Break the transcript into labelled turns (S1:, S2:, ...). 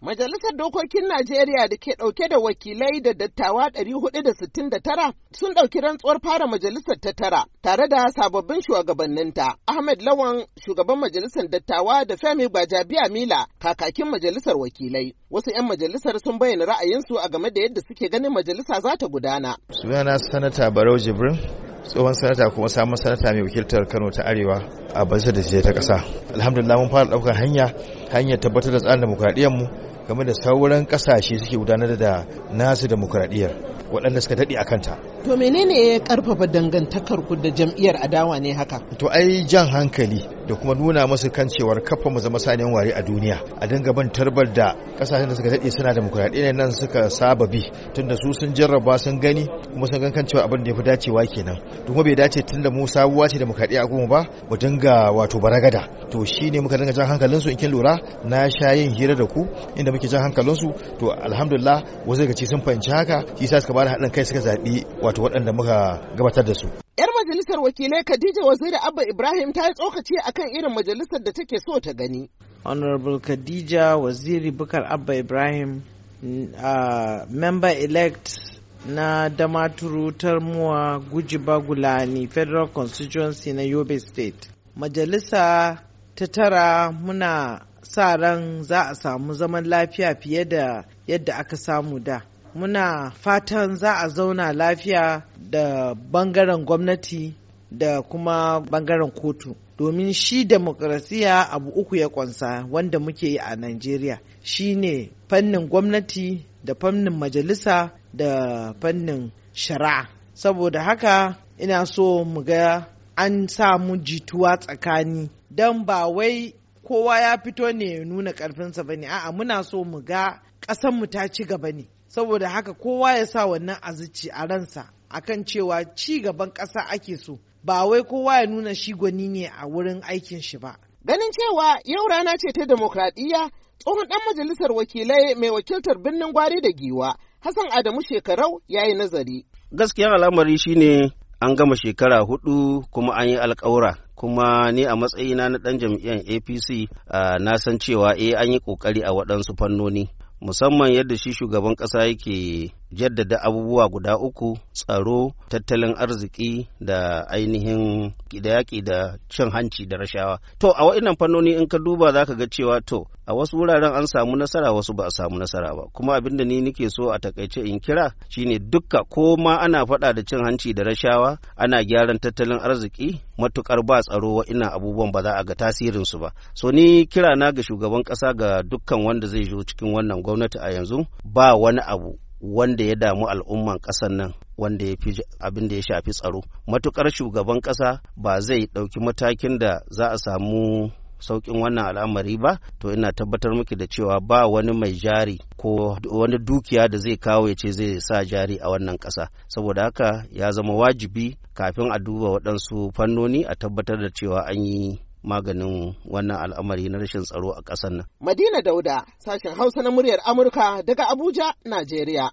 S1: Majalisar Dokokin Najeriya da ke ɗauke da wakilai da dattawa 469 sun ɗauki rantsuwar fara majalisar ta tara tare da sababbin shugabanninta. Ahmed Lawan shugaban majalisar dattawa da Femi Gbajabiya Mila kakakin majalisar wakilai. Wasu 'yan majalisar sun bayyana ra'ayinsu a game da yadda suke ganin majalisa za ta gudana.
S2: Sunana Sanata Barau Jibrin tsohon sanata kuma samun sanata mai wakiltar kano ta arewa a bansa da ta kasa alhamdulillah mun fara daukar hanya hanyar tabbatar da tsarin demokradiyyar mu game da sauran kasashe suke gudanar da nasu demokradiyyar waɗanda suka daɗe a kanta. To menene ya karfafa dangantakar
S1: ku da jam'iyyar adawa ne haka? To ai jan
S2: hankali da kuma nuna musu kan cewar kafa mu zama saniyan wari a duniya a dinga bin tarbar da kasashen da suka daɗe suna da ne nan suka saba bi tunda su sun jarraba sun gani kuma sun gan kan cewa abin da ya fi dacewa kenan kuma bai dace tunda mu sabuwa ce demokuraɗiyya goma ba mu dinga wato baragada to shine muka dinga jan hankalinsu in kin lura na sha yin hira da ku inda muke jan hankalinsu to alhamdulillah wasu ga ci sun fahimci haka shi sa suka bada haɗin kai suka zaɓi wato waɗanda muka gabatar da su
S1: majalisar wakilai Khadija Waziri Abba Ibrahim ta yi tsokaci akan irin majalisar da take so ta gani.
S2: Honorable Khadija Waziri Bukar
S3: Abba Ibrahim uh, member elect na Damaturu Tarmuwa Gujiba Gulani Federal Constituency na Yobe State. Majalisa ta tara muna sa ran za a samu zaman lafiya fiye da yadda aka samu da. muna fatan za a zauna lafiya da bangaren gwamnati da kuma bangaren kotu domin shi demokrasiya abu uku ya ƙunsa wanda muke yi a Najeriya shine fannin gwamnati da fannin majalisa da fannin shari'a saboda haka ina so mu ga an samu jituwa tsakani don ba wai kowa ya fito ne ya nuna karfinsa ba ne a'a muna so mu ga ƙasanmu ta ci gaba ne saboda haka kowa ya sa wannan a ransa a ransa akan cewa ci gaban ƙasa ake so ba wai kowa ya nuna shi gwani ne a wurin
S1: aikin shi ba. Ganin cewa yau rana ce ta demokradiyya tsohon ɗan majalisar wakilai mai wakiltar birnin gwari da giwa Hassan Adamu shekarau ya yi nazari.
S4: Gaskiya al'amari shine an gama shekara hudu kuma an yi alkawura kuma ni a matsayina na ɗan jam'iyyar apc ah, na san cewa eh an yi ƙoƙari a waɗansu fannoni musamman yadda shi shugaban ƙasa yake jaddada abubuwa guda uku tsaro tattalin arziki da ainihin da yaƙi da cin hanci da rashawa to a wa'innan fannoni in ka duba za ka ga cewa to a wasu wuraren an samu nasara wasu ba a samu nasara ba kuma abin da ni nake so a takaice in kira shine duka ko ma ana faɗa da cin hanci da rashawa ana gyaran tattalin arziki matukar ba tsaro wa'innan abubuwan ba za a ga tasirin su ba so ni kira na ga shugaban ƙasa ga dukkan wanda zai zo cikin wannan gwamnati a yanzu ba wani abu wanda ya damu al'umman ƙasar nan wanda ya fi abin da ya shafi tsaro matukar shugaban ƙasa ba zai ɗauki matakin da za a samu sauƙin wannan al'amari ba to ina tabbatar miki da cewa ba wani mai jari ko wani dukiya da zai kawo ya ce zai sa jari a wannan ƙasa saboda haka ya zama wajibi kafin a duba waɗansu fannoni a tabbatar da cewa an yi maganin wannan al'amari na rashin tsaro a ƙasar nan.
S1: Madina Dauda, sashen Hausa na muryar Amurka daga Abuja, Najeriya.